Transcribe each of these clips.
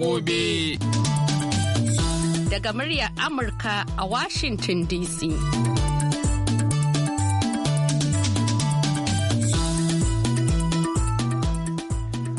gobe. Daga muryar Amurka a Washington DC.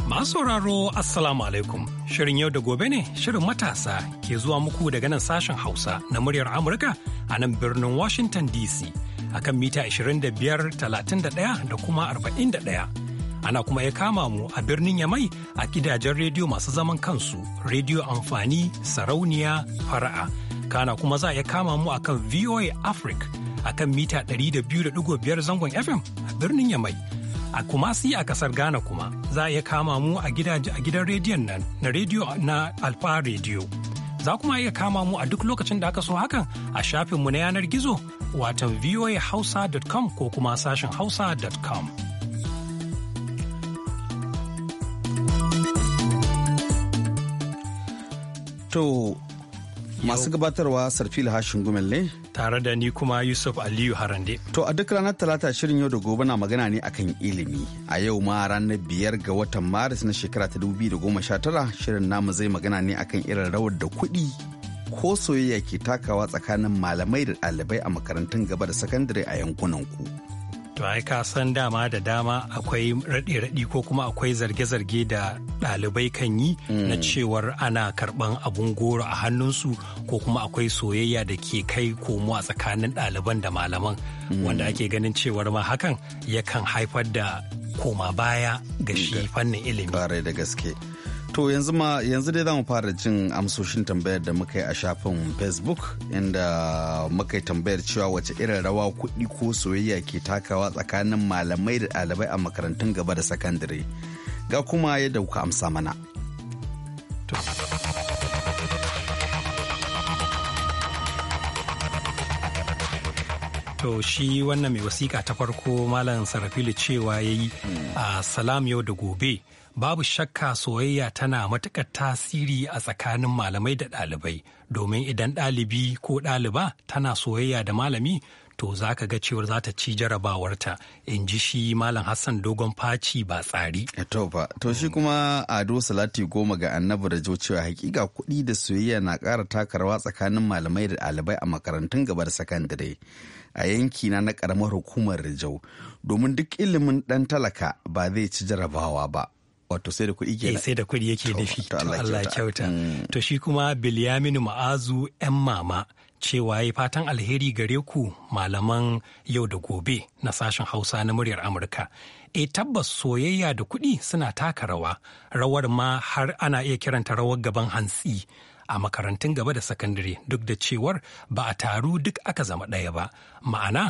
Masu sauraro Assalamu alaikum. Shirin yau da gobe ne shirin matasa ke zuwa muku daga nan sashen Hausa na muryar Amurka a nan birnin Washington DC akan mita 25, 31 da kuma 41. Ana kuma ya kama mu a birnin Yamai a gidajen rediyo masu zaman kansu, rediyo amfani, sarauniya, fara'a. Kana kuma za ya kama mu akan VOA Africa akan mita 200.5 zangon FM a birnin Yamai. A kuma Kumasi a kasar Ghana kuma za ya kama mu a gidan rediyon nan na rediyo na Alfa Rediyo. Za kuma iya kama mu a duk lokacin da aka so hakan a shafinmu na yanar gizo watan voahausa.com ko kuma sashen hausa.com. To masu gabatarwa Sarfil Hashin Gumel ne? Tare da ni kuma Yusuf Aliyu Harande. To a duk ranar talata shirin yau da gobe na magana ne akan ilimi. A yau ma ranar biyar ga watan Maris na shekara ta da goma sha tara shirin namu zai magana ne akan irin rawar da kuɗi ko soyayya ke takawa tsakanin malamai da ɗalibai a makarantun gaba da sakandare a yankunan ku. to ai ka san dama da dama akwai raɗe-raɗi ko kuma akwai zarge-zarge da ɗalibai kan yi hmm. na cewar ana karɓan abun goro a hannunsu ko kuma akwai soyayya da ke kai komo a tsakanin ɗaliban da malaman hmm. wanda ake ganin cewar ma hakan yakan haifar da koma baya ga shi hmm. fannin ilimi. da gaske. To yanzu ma yanzu dai za mu fara jin amsoshin tambayar da muka yi a shafin Facebook inda muka yi tambayar cewa wace irin rawa kuɗi ko soyayya ke takawa tsakanin malamai da ɗalibai a makarantun gaba da sakandare. Ga kuma yadda kuka amsa mana. To shi wannan mai wasiƙa ta farko Malam Sarafilu cewa ya yi hmm. a ah, salam yau da gobe. babu shakka soyayya tana matuƙar tasiri a tsakanin malamai da ɗalibai domin idan ɗalibi ko ɗaliba tana soyayya da malami to za ka ga cewar za ta ci jarabawarta in ji shi malam hassan dogon faci ba tsari. Eh, to ba to shi kuma ado salati goma ga annabu da jo cewa hakika kuɗi da soyayya na ƙara takarwa tsakanin malamai da ɗalibai a makarantun gaba da sakandare a yankina na ƙaramar hukumar rijau domin duk ilimin ɗan talaka ba zai ci jarabawa ba wato sai da kuɗi ke eh, sai da kuɗi yake nufi to Allah kyauta mm. to shi kuma Bilyaminu Ma'azu yan mama cewa ya fatan alheri gare ku malaman yau da gobe na sashen Hausa na muryar Amurka e tabbas soyayya da kuɗi suna taka rawa rawar ma har ana iya kiranta rawar gaban hantsi a makarantun gaba da sakandare duk da cewar ba a taru duk aka zama ɗaya ba ma'ana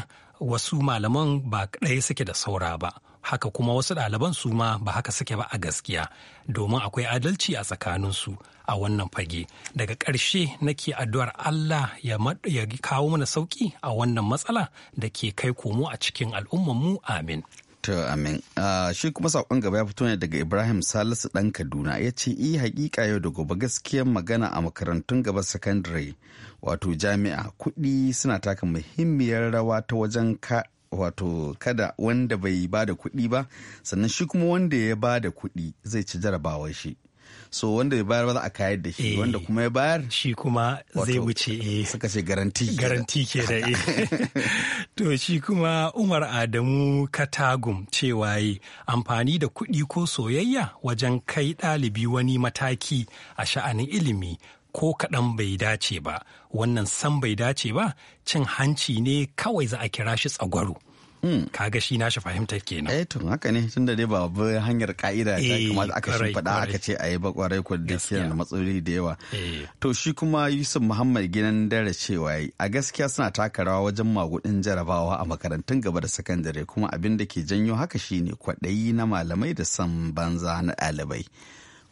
wasu malaman ba ɗaya suke da saura ba haka kuma wasu ɗaliban su ma ba haka suke ba a gaskiya domin akwai adalci a tsakaninsu a wannan fage daga ƙarshe nake addu'ar Allah ya kawo mana sauki a wannan matsala da ke kai komo a cikin al'ummanmu amin to amin shi kuma saƙon gaba ya fito ne daga ibrahim salisu ɗan kaduna ya ce i haƙiƙa yau da gobe gaskiyar magana a makarantun gaba sakandare wato jami'a kuɗi suna taka muhimmiyar rawa ta wajen ka. wato kada wanda bai ba da kuɗi ba sannan shi kuma wanda ya ba da kuɗi zai ci jarabawar shi so wanda ya bayar ba za a kayar da shi wanda eh, kuma ya bayar shi kuma zai wuce eh. suka ce garanti garanti ke da eh. to shi kuma umar adamu katagum cewa yi amfani da kuɗi ko soyayya wajen kai ɗalibi wani mataki a sha'anin ilimi ko kaɗan bai dace ba wannan san bai dace ba cin hanci ne kawai za a kira shi tsagwaro. Hmm. kaga shi na shi fahimtar kenan. Eh tun haka ne tun da dai ba bi hanyar ka'ida ta eh, kuma aka shi faɗa aka ce a yi ba kwarai ko da da matsaloli da yawa. Eh. To shi kuma Yusuf Muhammad gidan dare cewa a gaskiya suna taka rawa wajen magudin jarabawa a makarantun gaba da sakandare kuma abin da ke janyo haka shine kwaɗayi na malamai da san banza na ɗalibai.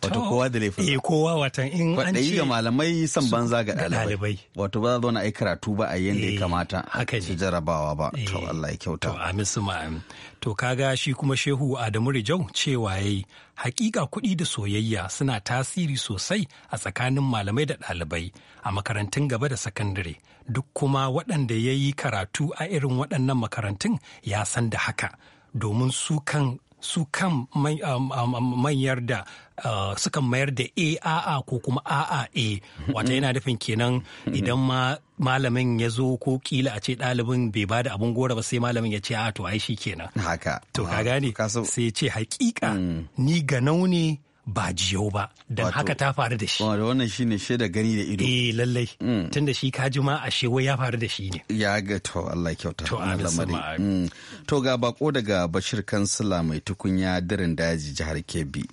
wato kowa da laifin eh kowa watan in an ce ga malamai san banza ga ɗalibai wato ba za na ai karatu ba a yanda ya eh, kamata haka ne jarabawa ba to eh, Allah ya kyauta to amin su ma'am to kaga shi kuma shehu Adamu Rijau cewa yayi hakika kuɗi da soyayya suna tasiri sosai a tsakanin malamai da ɗalibai a makarantun gaba da sakandare duk kuma waɗanda ya yi karatu a irin waɗannan makarantun ya san da haka domin su kan su kan mayar um, um, um, da uh, sukan mayar da a ko kuma a'a a wata yana nufin kenan idan ma malamin ya zo ko kila a ce ɗalibin bai ba da abin gora ba sai malamin ya ce a to ai shi kenan haka to ka gane sai ce hakika mm. ni ga ne ba jiyau ba don haka ta faru da shi wato wannan ne shaida gani da ido eh lallai mm. tun da shi ka jima a shewa ya faru da shi ne ya ga to Allah kyauta to a mm. to ga bako daga Bashir Kansila mai tukunya dirin daji jihar Kebbi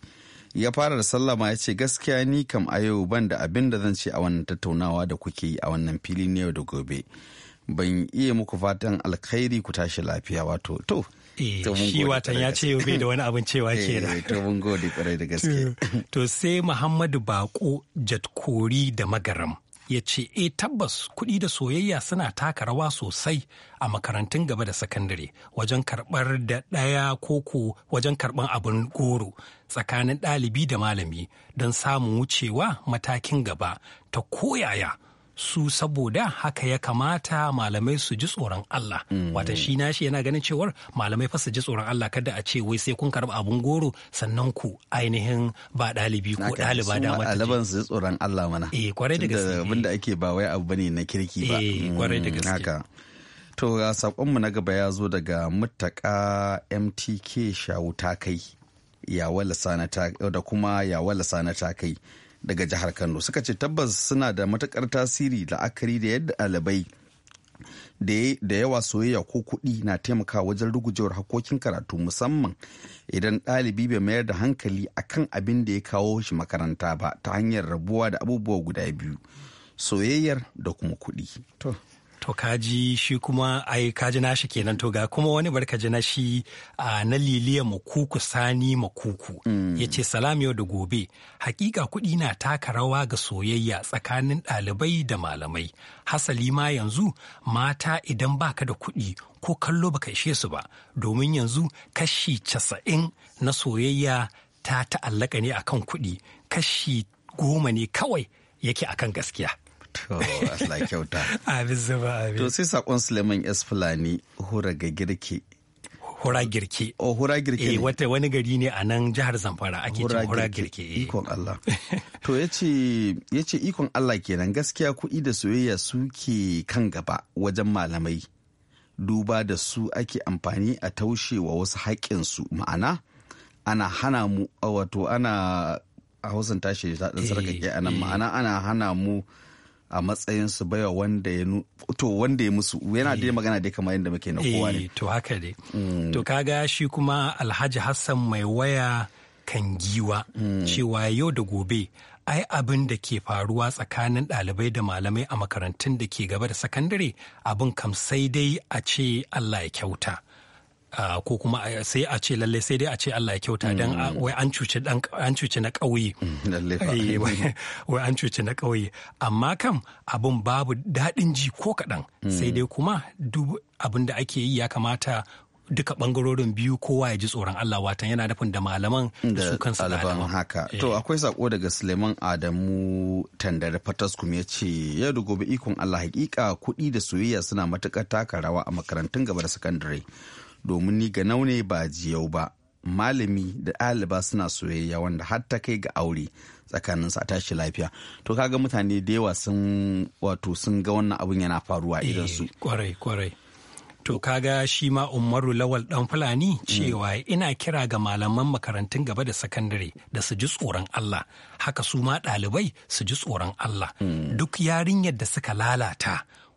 ya fara da sallama ya ce gaskiya ni kam a yau ban da abin da zan ce a wannan tattaunawa da kuke yi a wannan fili ne yau da gobe ban iya muku fatan alkhairi ku tashi lafiya wato to eh, shi watan ya ce bai da wani abin cewa eh, ke da to mun gode kwarai da gaske eh, to sai muhammadu bako jatkori da magaram ya ce e tabbas kuɗi da soyayya suna taka rawa sosai a makarantun gaba da sakandare wajen karɓar da ɗaya koko wajen karɓar abin goro tsakanin ɗalibi da malami don samun wucewa matakin gaba ta koyaya su saboda haka ya kamata malamai su ji tsoron Allah mm. wata shi nashi yana ganin cewar malamai fa su ji tsoron Allah kada a ce wai sai kun karɓi abun goro sannan ku ainihin ba ɗalibi ko ɗaliba da mata alaban su ji tsoron Allah mana eh kwarai da gaske abinda ake ba wai abu bane na kirki ba eh mm, kwarai da gaske To to sakonmu na gaba ya zo daga mutaka MTK shawu ta kai yawa lasana ta da kuma yawa lasana ta kai daga jihar Kano suka ce tabbas suna da matukar tasiri la'akari da yadda ɗalibai da yawa soyayya ko kuɗi na taimakawa wajen rugujewar hakokin karatu musamman idan ɗalibi bai mayar da hankali akan abin da ya kawo shi makaranta ba ta hanyar rabuwa da abubuwa guda biyu soyayyar da kuma kuɗi. to kaji shi kuma ai kaji nashi kenan to ga kuma wani barkaji na shi na liliya makuku sani makuku mm. ya ce salam yau da gobe hakika kuɗi na taka rawa ga soyayya tsakanin ɗalibai da malamai hasali ma yanzu mata idan baka da kuɗi ko kallo baka ishe su ba domin yanzu kashi casa'in na soyayya ta ta'allaka ne akan kuɗi kashi goma ne kawai yake akan gaskiya To, Allah kyauta. Abin zuba abin. To sai saƙon Suleiman S. Fulani hura ga girki. Hura girki. Oh, hura girki. Eh, wata wani gari ne a nan jihar Zamfara ake cin hura girki. Eh. Ikon Allah. to ya ce ikon Allah kenan gaskiya kuɗi da soyayya suke kan gaba wajen malamai. Duba da su ake amfani a taushe wa wasu haƙƙinsu ma'ana ana hana mu wato ana a hausan tashi ta ɗan sarƙaƙe a nan eh, ma'ana eh. ana hana mu a matsayin su baiwa wanda ya to wanda ya musu yana dai eh. magana dai kamar yadda muke na kowa ne eh, to haka dai mm. to kaga shi kuma Alhaji Hassan mai waya kan giwa mm. cewa yau da gobe ai abin da ke faruwa tsakanin ɗalibai da malamai a makarantun da ke gaba da sakandare abin kam sai dai a ce Allah ya kyauta ko kuma sai a ce lalle sai dai a ce Allah ya kyauta dan mm. wai an cuce dan an na ƙauye mm, eh, wai an cuce na ƙauye amma kam abun babu daɗin ji ko kaɗan mm. sai dai kuma duk abin da ake yi ya kamata duka bangarorin biyu kowa ya ji tsoron Allah watan yana nufin da malaman da su kansu ɗaliban haka eh. to akwai sako daga Suleiman Adamu Tandare Fataskum ya ce ya gobe ikon Allah hakika kuɗi da soyayya suna matuƙar taka rawa a makarantun gaba da sakandare domin ni ga naune ba jiyau ba malami da ɗaliba suna soyayya wanda har ta kai ga aure tsakanin sa tashi lafiya to kaga mutane da yawa sun wato sun ga wannan abun yana faruwa eh, idan su kwarai kwarai to kaga shi ma umaru lawal dan fulani mm. cewa ina kira ga malaman makarantun gaba da sakandare da su ji tsoron Allah haka su ma ɗalibai su ji tsoron Allah mm. duk yarinyar da suka lalata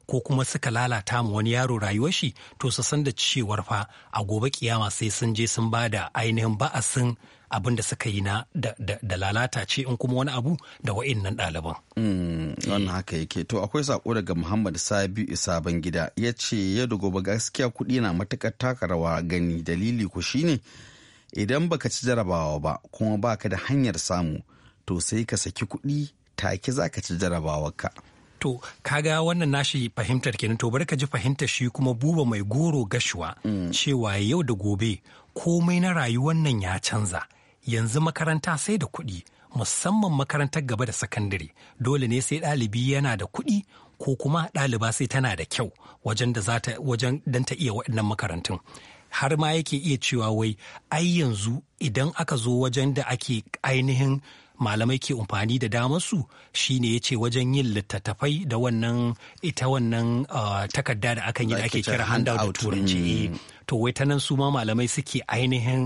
ko kuma suka lalata mu wani yaro rayuwar shi to su san da cewar fa a gobe kiyama sai sun je sun ba da ainihin ba'asin abin da suka yi na da, lalata ce in kuma wani abu da wa'in nan ɗaliban. Mm, wannan haka yake to akwai sako daga muhammad sabi sabon gida ya ce yadda gobe gaskiya kuɗi na matuƙar taka rawa gani dalili ku shine idan baka ci jarabawa ba kuma baka da hanyar samu to sai ka saki kuɗi take za ka ci jarrabawar ka to kaga wannan nashi fahimtar kenan to bari ka ji fahimtar shi kuma buba mai goro gashuwa mm. cewa yau da gobe komai na rayuwar nan ya canza yanzu makaranta sai da kuɗi musamman makarantar gaba da sakandare dole ne sai ɗalibi yana da kuɗi ko kuma ɗaliba sai tana da kyau wajen da zata wajen dan ta iya waɗannan makarantun har ma yake iya cewa wai ai yanzu idan aka zo wajen da ake ainihin malamai ke amfani da damar su shine ya ce wajen yin littattafai da wannan ita wannan uh, takarda da akan yi da ake kira handout turanci mm. eh, to wai ta nan su ma malamai suke ainihin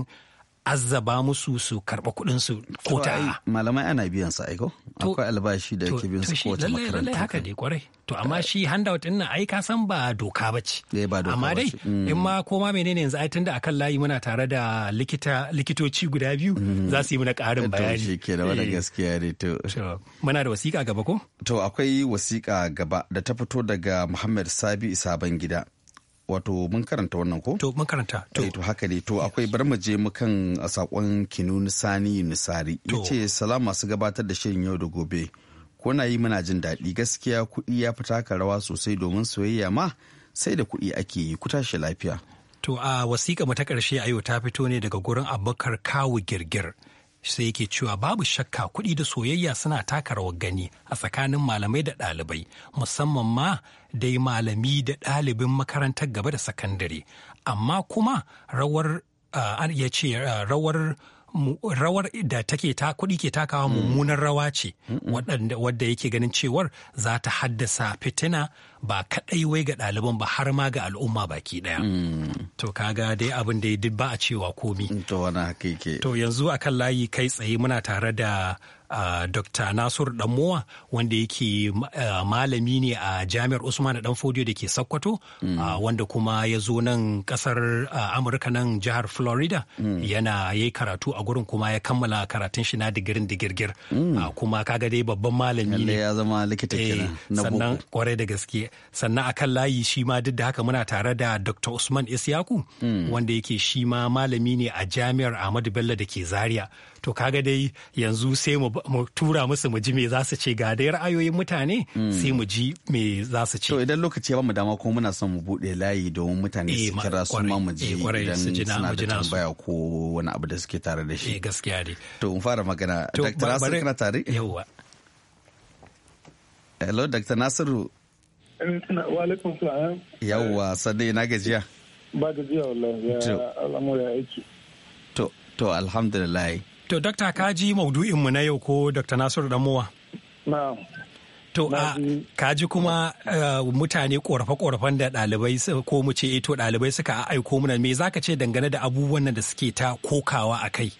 azzaba musu su karɓa kuɗin su ko ta malamai ana biyan su aiko akwai albashi da yake biyan su ko ta makaranta lallai haka ne kwarai to amma shi handout din nan ai ka san ba doka bace eh, amma dai mm. in ma ko ma menene yanzu ai tunda akan layi muna tare da likita likitoci guda biyu mm. za su yi mana ƙarin eh, bayani to ke da wani gaskiya ne to muna da wasiƙa gaba ko to akwai wasiƙa gaba da ta fito daga Muhammad Sabi gida. wato mun karanta wannan ko? To mun karanta. To eh, to haka ne to akwai bar mu je mu kan sakon Kinu Nisani Nisari. ce salam masu gabatar da shirin yau da gobe. Kuna yi muna jin daɗi gaskiya kuɗi ya fita ka rawa sosai domin soyayya ma sai da kuɗi ake yi ku tashi lafiya. To a wasiƙa mu ta ƙarshe a yau ta fito ne daga gurin Abubakar Kawu Girgir. sai yake cewa babu shakka kuɗi da soyayya suna taka rawar gani a tsakanin malamai da ɗalibai musamman ma dai malami da ɗalibin makarantar gaba da sakandare amma kuma rawar ya ce rawar rawar da take ta kuɗi ke takawa mm. mummunar rawa ce wadda yake ganin cewar za ta haddasa fitina ba kaɗai wai ga ɗaliban ba har ma ga al'umma baki ɗaya. To kaga dai abin da duk ba a cewa komi. Mm, to wani haka To yanzu akan layi kai tsaye muna tare da Dr. Nasur Danmowa wanda yake malami ne a Jami'ar Usman Danfodiyo da ke Sokoto mm. wanda kuma ya zo nan kasar Amurka nan jihar Florida mm. yana yi karatu a gurin kuma ya kammala karatun shi na digirin digirgir kuma kaga dai babban malami ne ya zama likita eh, kenan sannan kwarai da gaske sannan akan layi shi ma duk da haka muna tare da dr usman isyaku hmm. wanda yake shi ma malami ne a jami'ar ahmadu bello da ke zaria to kaga dai yanzu sai mu tura musu mu ji me za su ce ga dai ra'ayoyin mutane hmm. sai mu ji me za su ce to idan lokaci ya mu dama ko muna son mu bude layi domin mutane eh, su kira su ma mu ji eh, idan suna da tambaya ko wani abu da suke tare da shi eh gaskiya dai to mu fara magana dr. Nasiru kana tare yawa hello dr. Nasiru salam. Yawwa sannan na gajiya. Ba gajiya wallahi ya aiki. To to alhamdulillah. To dokta ka ji maudu'in mu na yau ko Dr. Nasiru Damuwa? Na'am. To a kaji kuma eh, mutane korafe-korafen da ɗalibai ko mu ce to ɗalibai suka aiko mana me zaka ce dangane da abubuwan nan da suke ta kokawa a kai?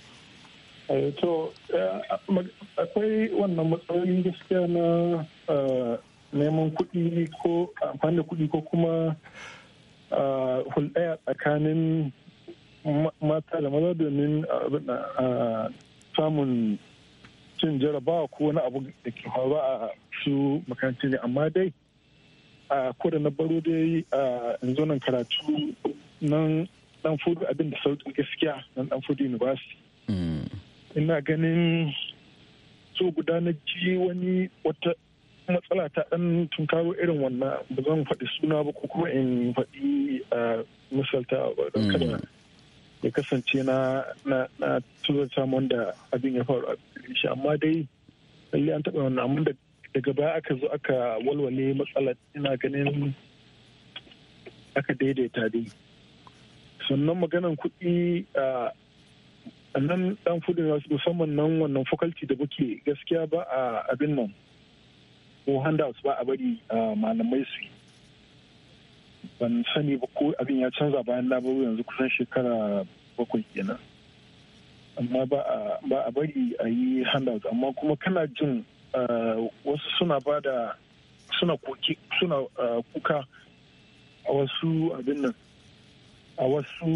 Eh, to eh, akwai wannan matsalolin gaskiya na neman kuɗi ko amfani da kuɗi ko kuma hulɗaya tsakanin mata da maza domin samun cin jarabawa ko wani abu da ke faruwa a su makarantar ne amma dai a da na baro dai a yanzu nan karatu nan dan fudu abin da sauƙi gaskiya nan dan fudu university hmm. ina ganin so guda na ji wani wata matsala ta ɗan tunkaro irin wannan ba zan faɗi suna ba ko kuma in faɗi a misalta don mm. ya kasance na na na samun wanda abin ya faru a shi amma dai lalle an taɓa wannan amma daga baya aka zo aka walwale matsala ina ganin aka daidaita dai sannan maganan kuɗi a nan ɗan fudin musamman nan wannan faculty da muke gaskiya ba a abin nan ko handouts ba a bari ah, malamai su yi ban sani ba ko abin ya canza bayan labaru yanzu kusan shekara bakwai kenan amma ba a bari a yi handouts amma kuma kana jin ah, wasu suna ba da suna ah, kuka a wasu abin nan a wasu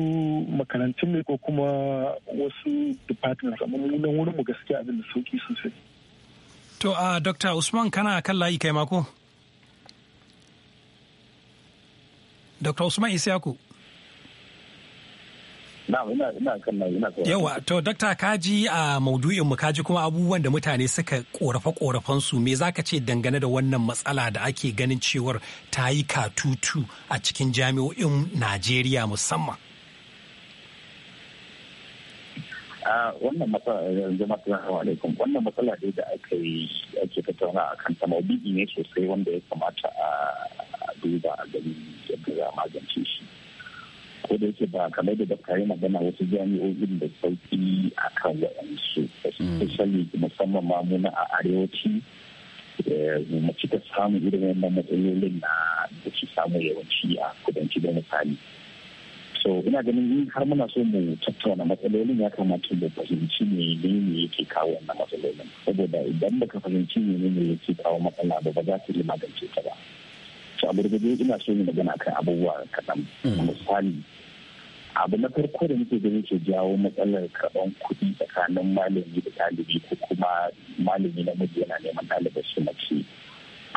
makarantun ne ko kuma wasu departments amma munan wurin mu gaskiya abin da sauki sosai To a uh, Dr. Usman kana kan layi kai mako? Dr. Usman Isiyaku. Yawa, to Dr. kaji a mu kaji kuma abubuwan da mutane suka korafe su me zaka ce dangane da wannan matsala da ake ganin cewar ta yi katutu a cikin jami'o'in Najeriya musamman? a wannan matsala eh, zama wa alaikum wannan matsala dai da aka yi ake tattauna a kan sama bibi ne sosai wanda ya kamata a duba a gani yadda za a magance shi ko da yake ba kamar da dakta yi magana wasu jami'o'in da sauki a kan waɗansu especially musamman ma muna a arewaci eh, mace ta samu irin wannan matsalolin na da ke samu yawanci a kudanci da misali so ina ganin in har muna so mu tattauna matsalolin ya kamata mu fahimci ne ne yake kawo wannan matsalolin saboda idan baka fahimci ne ne yake kawo matsala ba ba za ta yi magance ta ba so a gurgurje ina so yi magana kan abubuwa kaɗan mm. misali abu na farko da muke ganin ke jawo matsalar karɓar kuɗi tsakanin malami da ɗalibi ko kuma malami na yana neman ɗalibar shi mace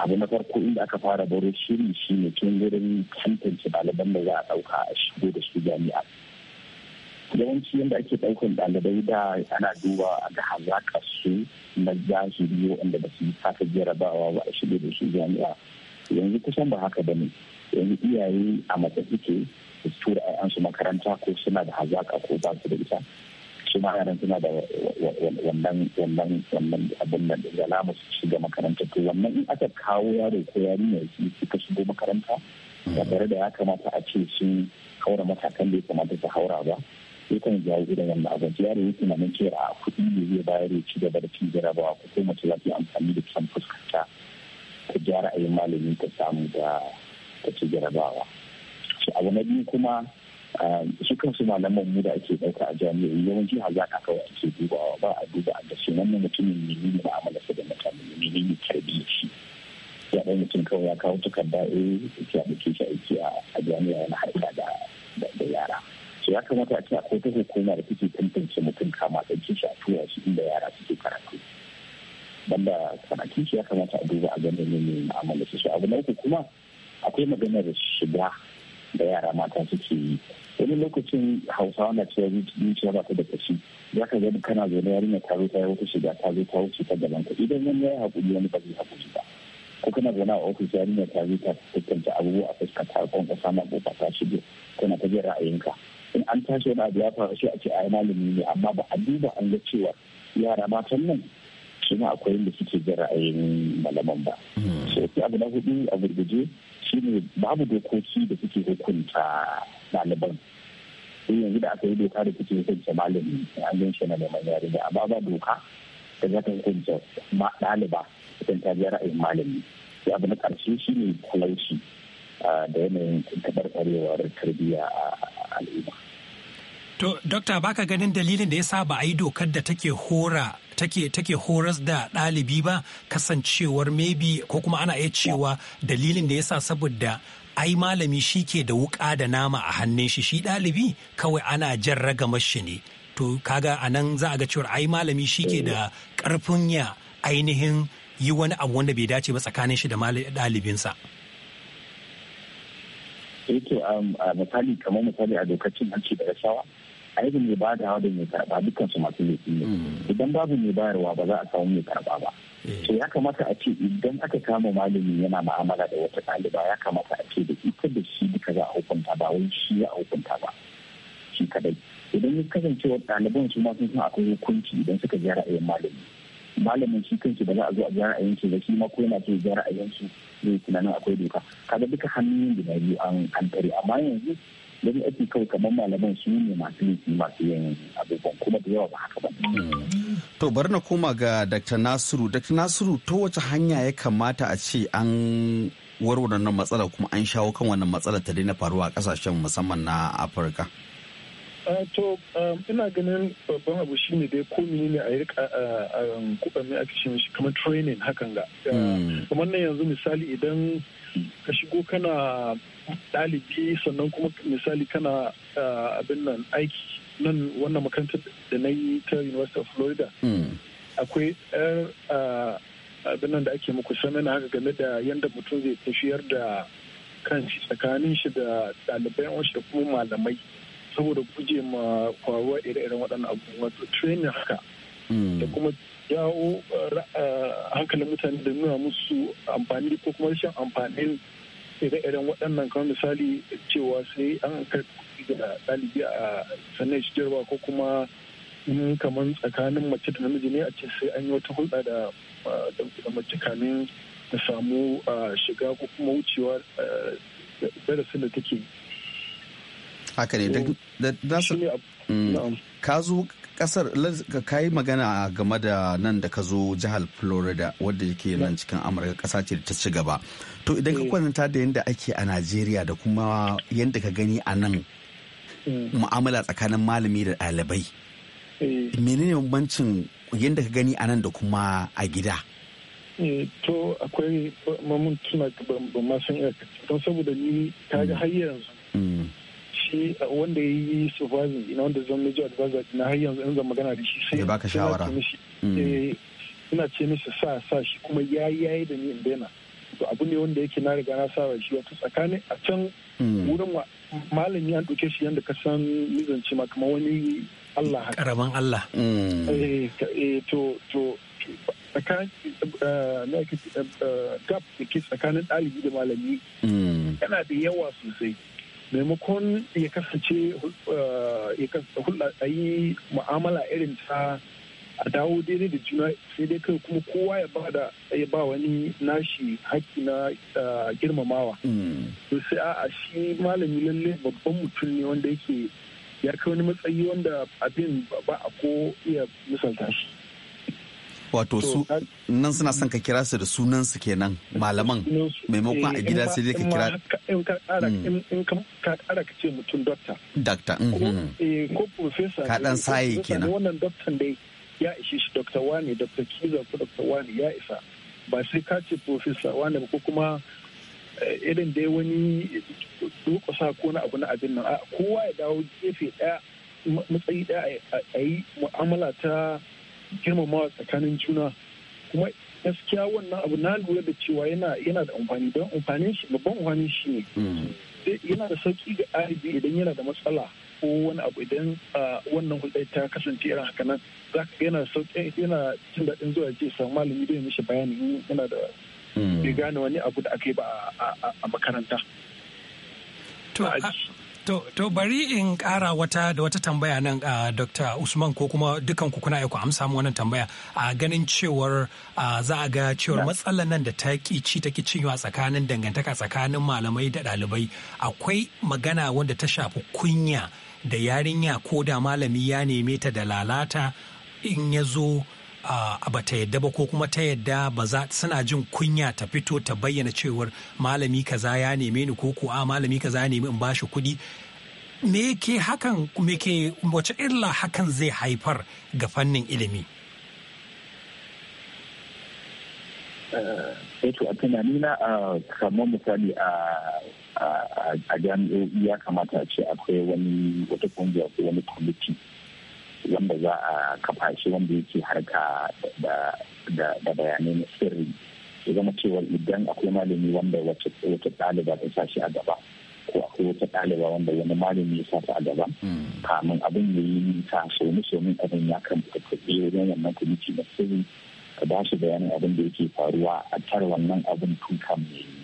abu na farko inda aka fara baro shiri shi ne tun wurin tantance ɗaliban da za a ɗauka a shigo da su jami'a yawanci yadda ake ɗaukan ɗalibai da ana duba a ga hazaƙa su na zahiri wanda ba su yi saka jarabawa ba a shigo da su jami'a yanzu kusan ba haka ba ne yanzu iyaye a matsa suke su tura 'ya'yansu makaranta ko suna da hazaƙa ko ba su da ita su ma yaran suna da wannan wannan wannan abin da zalamu su shiga makaranta to wannan in aka kawo yaro ko yarinya suka shigo makaranta ba tare da ya kamata a ce sun haura matakan da ya kamata su haura ba yakan jawo irin wannan abin yaro yake nan cewa a kuɗi ne zai bayar ya ci gaba da cin jarabawa ko kuma mace ta yi amfani da kusan fuskanta ta gyara ayin malamin ta samu da ta ci jarabawa abu na biyu kuma Um, su kan su malaman mu da ake ɗauka a jami'o'i yawanci a kawai ake dubawa ba a duba a gaske wannan mutumin menene su da mutane ne karbi shi ya ɗan mutum kawai ya kawo takarda eh ya ɗauke shi aiki a jami'a yana harka da yara so ya kamata a ce akwai ta hukuma da take tantance mutum kama ɗauke shi a tura shi inda yara suke karatu banda karatun shi ya kamata a duba a gani ne mu'amalarsa su abu na uku kuma akwai maganar shiga da yara mata suke yi wani lokacin hausawa na cewa zuciya ba ta da kashi za ka gani kana na yarinya ta zo ta yi wata shiga ta zo ta wuce ta gaban ka idan wani ya haƙuri wani ba zai haƙuri ba ko kana zo a ofis yarinya ta zo ta tattance abubuwa a fuskar ta kon ka samu abubuwa ta shigo tana ta jin ra'ayinka in an tashi wani abu ya faru shi a ce a malami ne amma ba a duba an ga cewa yara matan nan shi ma akwai yadda suke jin ra'ayin malaman ba. Hmm. sai abu na hudu a gurguje shine babu dokoki da suke hukunta ɗaliban yanzu da aka yi doka da suke hukunta malami an yin shi na neman da amma ba doka da za ta hukunta ɗaliba idan ta biya ra'ayin malami ya abu na ƙarshe shine kulaushi da yanayin taɓarɓarewar tarbiyya a al'umma. To, Dokta, baka ganin dalilin da ya sa ba a yi dokar da take hora take take horas da ɗalibi ba kasancewar maybe ko kuma ana iya cewa dalilin da yasa saboda ai malami shi ke da wuƙa da nama a hannun shi shi ɗalibi kawai ana jan ragamar shi ne to kaga a nan za a ga cewa ai malami shi ke da ƙarfin ya ainihin yi wani abu wanda bai dace ba tsakanin shi da ɗalibinsa. Ito eh um, a misali kamar misali a dokacin hanci da rasawa aikin mai badawa da mai karba dukkan su masu laifi ne hmm. idan babu mai bayarwa ba za a samu mai karba ba to eh. ya kamata a ce idan aka kama malami yana ma'amala da wata ɗaliba ya kamata a ce da ita da shi duka za a hukunta ba wai shi ya hukunta ba shi kadai idan ya kasance wa ɗaliban su ma sun san akwai hukunci idan suka ji ra'ayin malami malamin shi kanki ba za a zo a ji ra'ayin shi ba shi ma ko yana so ya ra'ayin shi zai tunanin akwai doka kaga duka hannun guda biyu an an tare amma yanzu don ake kawai kamar malaman su ne masu yi masu yin abubuwan kuma da yawa ba haka ba. to bari na koma ga dr nasiru dr nasiru ta wace hanya ya kamata a ce an warware wannan matsala kuma an shawo kan wannan matsala ta daina faruwa a kasashen musamman na afirka. Eh, to um, ina ganin babban abu shi ne dai ko ne a rika um, kuɗa mai ake shi kamar training hakan ga hmm. kamar nan yanzu misali idan ka shigo kana ɗalibi sannan kuma misali kana ah, abin nan aiki nan wannan makarantar da na yi ta university of florida hmm. akwai yar ah, abin nan da ake muku samina haka game da yadda mutum zai tafiyar da kanshi tsakanin shi da ɗalibai shi da kuma malamai saboda guje ma kwaruwa ire-iren waɗannan abubuwa to training haka hmm. da kuma jawo ah, hankalin mutane da nuna musu amfani ko kuma rashin amfanin ire-iren waɗannan kamar misali cewa sai an karfi da ɗalibi a sannan shi ko kuma in kamar tsakanin mace da namiji ne a ce sai an yi wata hulɗa da mace kamin na samu shiga ko kuma wucewa darasin da take haka ne da mm. ka zo kasar ka yi magana game da nan da ka zo jihar florida wadda yake nan cikin amurka kasa ce da ta ci gaba to idan ka eh. kwanta da yadda ake a najeriya da kuma yadda ka gani a nan mm. mu'amala tsakanin malami da ɗalibai eh. menene bambancin yadda ka gani a nan da kuma a gida eh, to akwai mamun tuna ba ma san don saboda ni ta ga mm. har yanzu mm. shi uh, wanda ya yi supervising ina wanda zan major advisor na har yanzu in zan magana da shi sai ya baka shawara mm. eh, ina ce mishi sa sa shi kuma ya yayi da ni in daina to abu ne wanda yake na riga na saba shi wato tsakanin a can mm. wurin malami an ɗauke shi yadda ka san nizance ma kamar wani Allah haka. Karaman Allah. Mm. Eh, eh, to to gap da ke tsakanin ɗalibi da malami yana da yawa sosai. maimakon ya kasance uh, hulɗa a yi mu'amala irin ta a dawo daidai da juna sai dai kai kuma kowa ya ba da ya ba wani nashi haƙƙi na uh, girmamawa hmm. to sai a shi malami lalle babban mutum ne wanda yake ya kai wani matsayi wanda abin ba a ko iya misalta shi wato su nan suna son ka kira su da sunan su kenan malaman maimakon a gida sai dai ka kira in ka kara mm. ka ce mutum dokta dokta mm-hmm. eh, ko professor ka dan saye kenan wannan doktan dai ya ishe shi dokta wani dokta kiza ko dokta wani ya isa ba sai ka ce professor wani ko kuma eh, irin dai wani dukusa ko na abu na abin nan kowa ya dawo gefe daya matsayi daya a yi mu'amala ta girmamawa tsakanin juna kuma gaskiya wannan abu na lura da cewa yana yana da amfani don amfanin shi babban amfanin shi ne yana da sauki ga ibi idan yana da matsala ko wani abu idan wannan hulɗar ta kasance irin haka nan za ka yana sauki yana jin daɗin zuwa ce samu malami don ya mishi bayani yana da bai gane wani abu da aka yi ba a makaranta. To, to bari in ƙara wata da wata tambaya nan uh, Dr. Usman ko kuma dukan ku kuna ku amsa mu wannan tambaya a uh, ganin cewar uh, za a ga cewar matsalar nan da ta ki ci take cinyewa tsakanin dangantaka tsakanin malamai da ɗalibai akwai magana wanda ta shafi kunya da yarinya ko da malami ya neme ta da lalata in ya zo a ta yadda ba ko kuma ta yadda ba za suna jin kunya ta fito ta bayyana cewar malami kaza ya neme ni ko ko a malami kaza ya nemi in shi kuɗi me ke hakan me ke wace illa hakan zai haifar ga fannin ilimi eto eh, eh, a tunanina kamar misali a jami'o'i ya kamata a ce akwai wani wata kungiya ko wani kwamiti wanda za a kafa shi wanda yake harka da bayanai na sirri ya zama cewa idan akwai malami wanda wata ɗaliba ta sa shi a gaba ko akwai wata ɗaliba wanda wani malami ya sa ta a gaba hmm. kamun abin da yi ta somi somin abin ya kan kakkaɓe wajen wannan kwamiti na sirri ka ba shi bayanin abin da yake faruwa a tar wannan abin tun kamun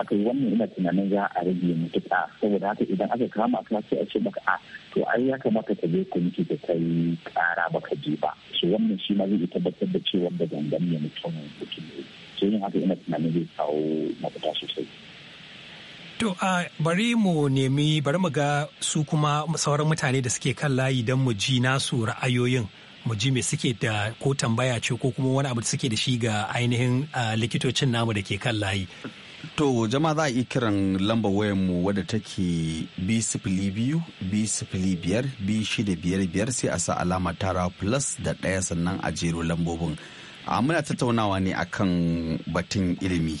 aka yi wannan ina tunanin za a rage mutuka saboda haka idan aka kama ka sai a ce maka a ah, to ai ya kamata ka je kwamiti da kai kara baka je ba so wannan shi ma zai tabbatar da cewa da gangan ne mutum mutum ne so yin haka ina tunanin zai kawo mafita sosai To a bari mu nemi bari mu ga su kuma sauran mutane da suke kan layi don mu ji nasu ra'ayoyin mu ji me suke da ko tambaya ce ko kuma wani abu da suke da shi ga ainihin likitocin namu da ke kan layi. To jama'a za a yi kiran lambar wayanmu wadda take b sifili biyu sifili biyar shida biyar biyar sai a sa alama tara plus da ɗaya sannan a jero lambobin. A muna tattaunawa ne akan batun ilimi.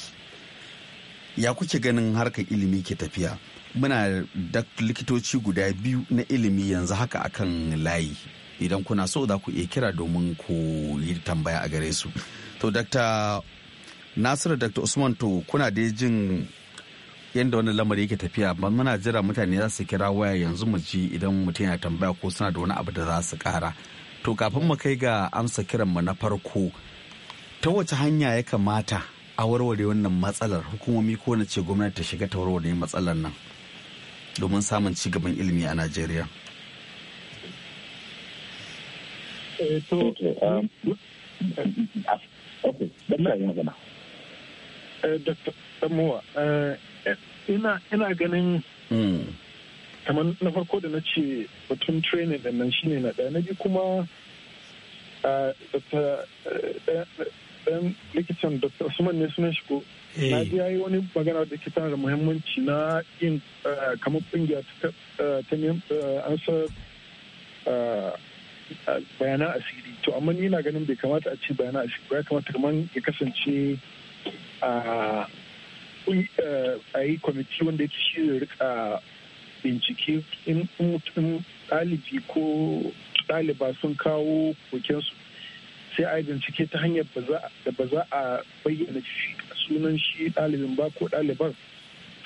Ya kuke ganin harkar ilimi ke tafiya? Muna da likitoci guda biyu na ilimi yanzu haka akan layi. Idan kuna so za ku iya kira domin ku yi tambaya a gare su. To, Dr. nasiru dr usman to kuna da jin yadda wani lamari yake tafiya ba muna jira mutane za su kira waya yanzu mu ji idan mutum ya tambaya ko suna da wani abu da za su kara to kafin mu kai ga amsa kiran mu na farko ta wace hanya ya kamata a warware wannan matsalar hukumomi ko na ce gwamnati ta shiga ta warware matsalar nan domin samun ci gaban ilimi a najeriya eh, Okay. Um, okay. Eh, dr. Samuwa, eh, ina ganin hmm. kamar na farko da na ce batun training da nan shine na ɗaya na biyu kuma eh, ɗan likitan dr usman ne sunan shi ko na ji yayi wani magana da ke tana da muhimmanci na yin kamar kungiya ta ansa bayanan asiri to amma ni na ganin bai kamata a ce bayanan asiri ya kamata kamar ya kasance a yi kwamiti wanda ya shi rika bincike in mutum ɗalibi ko ɗaliba sun kawo kokensu sai a yi bincike ta hanyar da ba za a bayyana sunan shi ɗalibin ba ko ɗalibar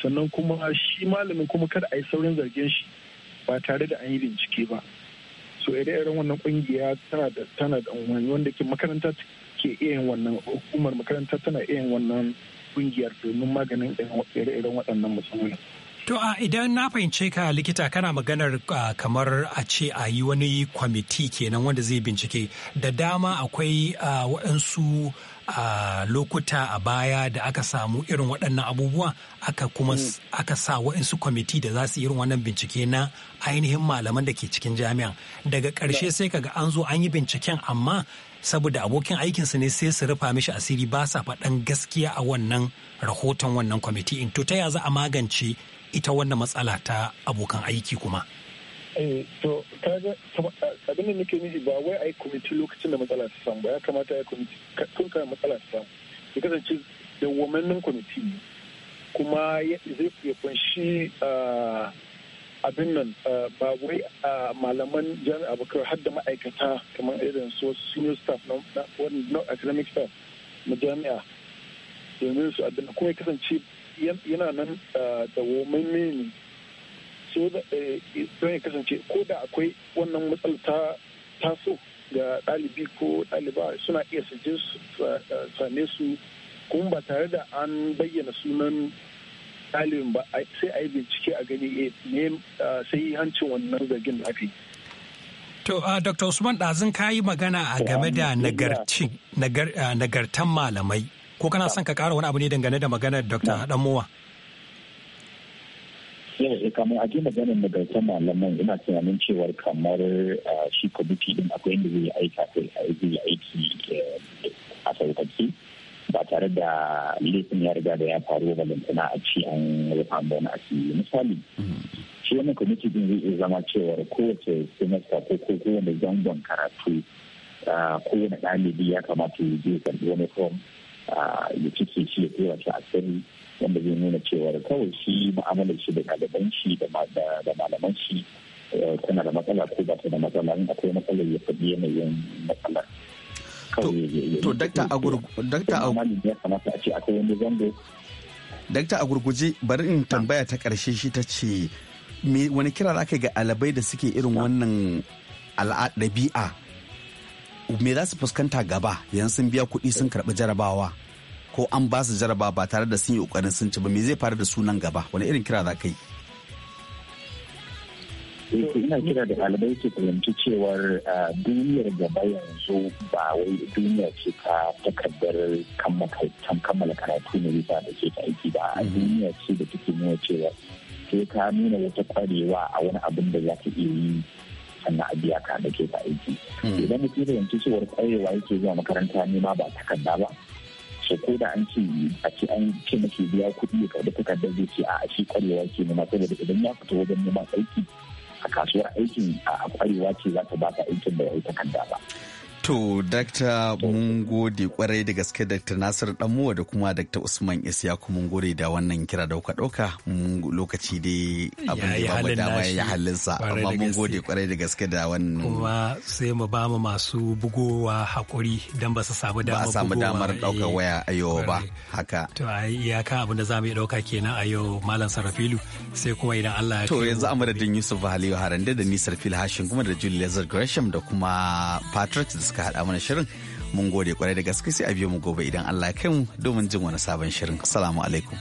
sannan kuma shi malamin kuma kada a yi saurin zargin shi ba tare da an yi bincike ba so ire-iren wannan kungiya tana da umarni wanda ke makaranta ke iya wannan hukumar makaranta tana iya wannan kungiyar domin maganin ire waɗannan matsaloli. To a idan na fahimce ka likita kana maganar kamar a ce a yi wani kwamiti kenan wanda zai bincike da dama akwai waɗansu lokuta a baya da aka samu irin waɗannan abubuwa aka kuma mm. aka sa waɗansu kwamiti da za su irin wannan bincike na ainihin malaman da ke cikin jami'an daga ƙarshe sai kaga an zo an yi binciken amma saboda abokin aikinsa ne sai su rufa mishi asiri ba sa faɗan gaskiya a wannan rahoton wannan kwamiti in to ta ya za a magance ita wannan matsala ta abokan aiki kuma eh, to abin da nake nufi ba wai a yi kwamiti lokacin da matsala ta samu ba ya kamata a yi kwamiti tun kan matsala ta samu ya kasance da wamannin kwamiti ne? kuma zai ya kunshi ah, abin nan eh, ba wai eh, malaman jami'a abokan har da ma'aikata kamar irin su senior staff na academic staff na jami'a domin su abin kuma ya kasance yana nan eh, da woman ne so da ya kasance ko da akwai wannan matsala ta taso ga ɗalibi ko ɗaliba suna iya su sane su kuma ba tare da an bayyana sunan ɗalibin ba sai a yi bincike a gani ne eh, eh, sai yi hancin wannan zargin da To, uh, ah, Dr. Usman ɗazun ka yi magana a game da ah, nagartan malamai. Ko kana son ka ƙara wani abu ne dangane da maganar Dr. Haɗamuwa? Yes, eh, kamar a maganar nagartan malaman ina tunanin cewar kamar ah, shi kwamiti din akwai inda zai aika a aiki a sauƙaƙe. ba tare da laifin ya riga da ya faru ba lantana a ci an rufa na asiri misali shi wani kwamiti din zai iya zama cewar kowace semester ko ko kowane zangon karatu kowane ɗalibi ya kamata ya je karɓi wani form ya cike shi ya tura shi asiri wanda zai nuna cewar kawai shi mu'amalar shi da ɗaliban shi da malaman shi eh, tana da matsala ko ba ta da matsala in akwai matsalar ya faɗi yanayin matsalar to dakta a gurguje bari in tambaya ta karshe shi ta ce wani kira za ka ga alabai da suke irin wannan ɗabi'a me za su fuskanta gaba yanzu sun biya kuɗi sun karɓi jarabawa ko an ba su jaraba ba tare da sun yi ƙoƙarin sun ci ba me zai faru da sunan gaba wani irin kira za ka yi yake eh, ina kira da ɗalibai su fahimci cewar duniyar gaba yanzu ba wai duniya ce ta takardar kammala karatu ne bisa da ke ta aiki ba mhm. duniya ce da take nuna cewa sai ka nuna wata kwarewa a wani abin da za ka iya yi sannan a biya ka da ke ta aiki hmm. idan mutum fahimci cewar kwarewa yake zuwa makaranta ne ma ba takarda ba so ko da an ce a ce an ce mace biya kuɗi ya karɓi takardar zai ce a shi kwarewa ke nema saboda idan ya fita wajen neman aiki a kasuwar aikin a kwarewa ce za ta baka aikin da ya yi takarda ba To, Dakta Mungo gode kwarai da gaske Dakta Nasir Damuwa da kuma Dakta Usman Isyaku mun gode da wannan kira dauka dauka lokaci dai abin da ba dama ya halinsa amma mun gode kwarai da gaske da wannan. Kuma sai mu ba mu masu bugowa hakuri dan ba su samu damar bugowa. Ba samu damar dauka eh, waya a yau ba haka. To ai iyaka abin da za mu dauka kenan a yau Malam Sarafilu sai kuma idan Allah ya To yanzu a madadin Yusuf Haliyu Harande da Nisar Fil Hashim kuma da Julia Gresham da kuma Patrick suka haɗa mana shirin mun gode kwarai da gaske sai a biyo mu gobe idan Allah ya kai mu domin jin wani sabon shirin assalamu alaikum